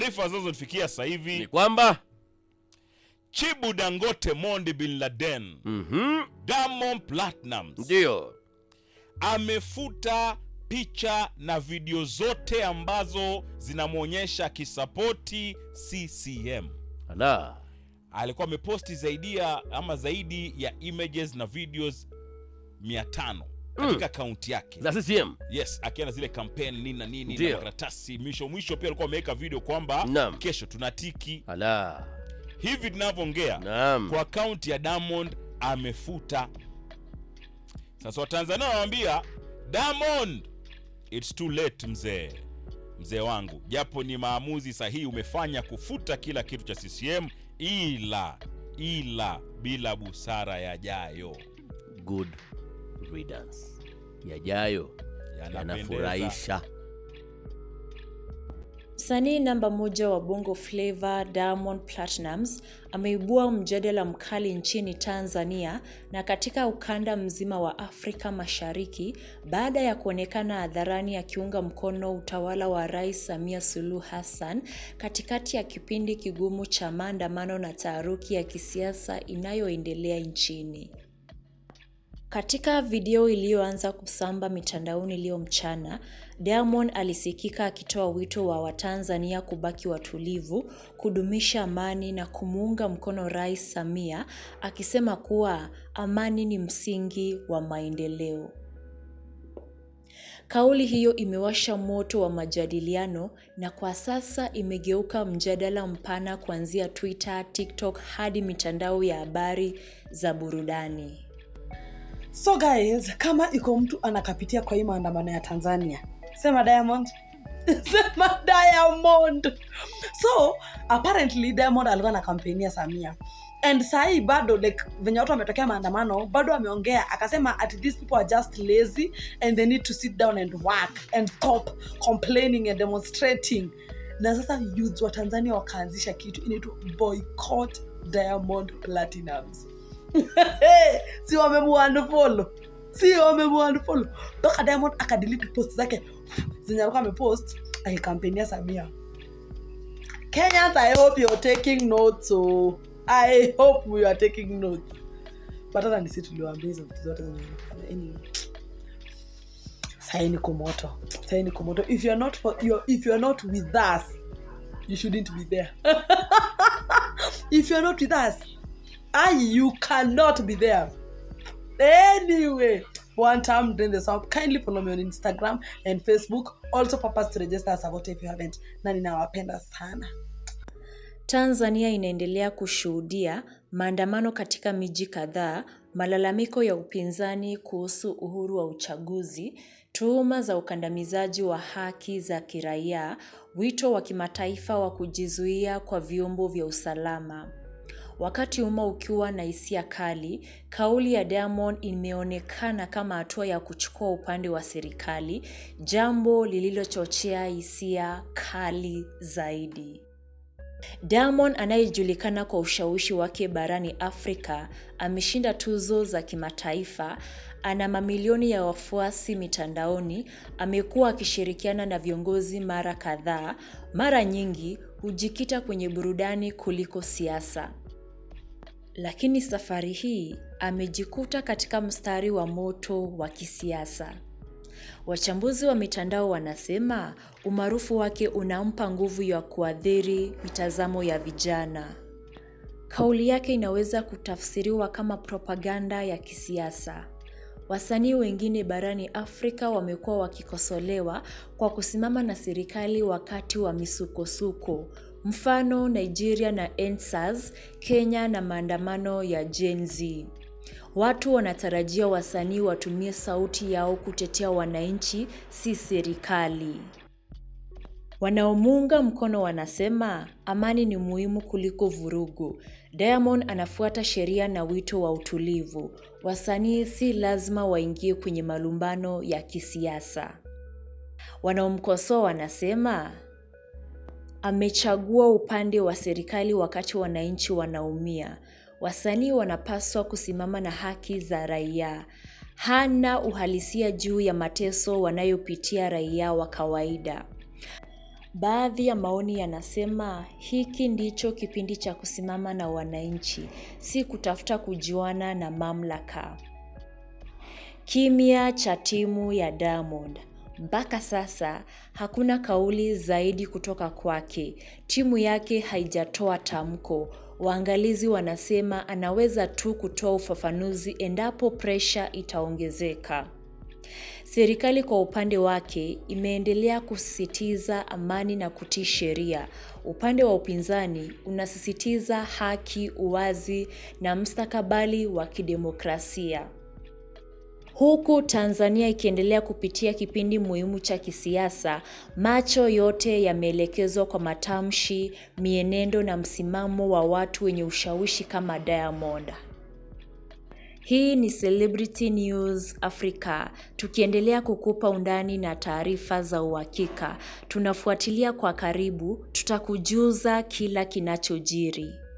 Taarifa zinazotufikia sasa hivi ni kwamba Chibu Dangote Mondi bin Laden mm -hmm. damon platnam ndio amefuta picha na video zote ambazo zinamwonyesha kisapoti CCM. Ala. Alikuwa ameposti zaidi ya ama zaidi ya images na videos 500. Mm. katika kaunti yake za CCM. Yes, akiwa na zile campaign nini na nini na makaratasi. Mwisho mwisho pia alikuwa ameweka video kwamba kesho tunatiki. Ala, hivi tunavyoongea kwa kaunti ya Diamond amefuta. Sasa Watanzania wanawaambia Diamond, it's too late mzee, mzee wangu, japo ni maamuzi sahihi umefanya kufuta kila kitu cha CCM, ila ila bila busara yajayo. Good. Yajayo yanafurahisha. Msanii namba moja wa Bongo Flava Diamond Platnumz ameibua mjadala mkali nchini Tanzania na katika ukanda mzima wa Afrika Mashariki baada ya kuonekana hadharani akiunga mkono utawala wa Rais Samia Suluhu Hassan katikati ya kipindi kigumu cha maandamano na taharuki ya kisiasa inayoendelea nchini. Katika video iliyoanza kusamba mitandaoni leo mchana, Diamond alisikika akitoa wito wa Watanzania kubaki watulivu, kudumisha amani na kumuunga mkono Rais Samia akisema kuwa amani ni msingi wa maendeleo. Kauli hiyo imewasha moto wa majadiliano na kwa sasa imegeuka mjadala mpana kuanzia Twitter, TikTok hadi mitandao ya habari za burudani. So guys, kama iko mtu anakapitia kwa hii maandamano ya Tanzania, sema Diamond sema Diamond. So apparently Diamond alikuwa na kampeni ya Samia and sahii bado like venye watu wametokea maandamano bado ameongea akasema at these people are just lazy and they need to sit down and work and stop complaining and demonstrating na sasa youths wa tanzania wakaanzisha kitu inaitwa boycott diamond platinums si wamemuunfollow si wamemuunfollow toka diamond akadelete post zake zenye alikuwa amepost akikampenia samia kenyans i hope youare taking notes so i hope we are taking notes but hata nisi tuliwaambia hizo vitu zote zenye yaani, sahii niko moto sahii niko moto if you're not, for, you if you're not with us you shouldn't be there if you're not with us I, you cannot be there. Anyway, one time during the song, kindly follow me on Instagram and Facebook. Also, purpose to register as a Sagote if you haven't. Na ninawapenda sana. Tanzania inaendelea kushuhudia maandamano katika miji kadhaa, malalamiko ya upinzani kuhusu uhuru wa uchaguzi, tuhuma za ukandamizaji wa haki za kiraia, wito wa kimataifa wa kujizuia kwa vyombo vya usalama. Wakati umma ukiwa na hisia kali, kauli ya Diamond imeonekana kama hatua ya kuchukua upande wa serikali, jambo lililochochea hisia kali zaidi. Diamond anayejulikana kwa ushawishi wake barani Afrika, ameshinda tuzo za kimataifa, ana mamilioni ya wafuasi mitandaoni, amekuwa akishirikiana na viongozi mara kadhaa, mara nyingi hujikita kwenye burudani kuliko siasa lakini safari hii amejikuta katika mstari wa moto wa kisiasa. Wachambuzi wa mitandao wanasema umaarufu wake unampa nguvu ya kuathiri mitazamo ya vijana. Kauli yake inaweza kutafsiriwa kama propaganda ya kisiasa. Wasanii wengine barani Afrika wamekuwa wakikosolewa kwa kusimama na serikali wakati wa misukosuko, Mfano Nigeria na ensas Kenya na maandamano ya Gen Z. Watu wanatarajia wasanii watumie sauti yao kutetea wananchi, si serikali. Wanaomuunga mkono wanasema amani ni muhimu kuliko vurugu. Diamond anafuata sheria na wito wa utulivu. Wasanii si lazima waingie kwenye malumbano ya kisiasa. Wanaomkosoa wanasema amechagua upande wa serikali wakati wananchi wanaumia. Wasanii wanapaswa kusimama na haki za raia. Hana uhalisia juu ya mateso wanayopitia raia wa kawaida. Baadhi ya maoni yanasema hiki ndicho kipindi cha kusimama na wananchi, si kutafuta kujuana na mamlaka. Kimya cha timu ya Diamond. Mpaka sasa hakuna kauli zaidi kutoka kwake. Timu yake haijatoa tamko. Waangalizi wanasema anaweza tu kutoa ufafanuzi endapo presha itaongezeka. Serikali kwa upande wake imeendelea kusisitiza amani na kutii sheria. Upande wa upinzani unasisitiza haki, uwazi na mstakabali wa kidemokrasia. Huku Tanzania ikiendelea kupitia kipindi muhimu cha kisiasa, macho yote yameelekezwa kwa matamshi, mienendo na msimamo wa watu wenye ushawishi kama Diamond. Hii ni Celebrity News Africa. Tukiendelea kukupa undani na taarifa za uhakika. Tunafuatilia kwa karibu, tutakujuza kila kinachojiri.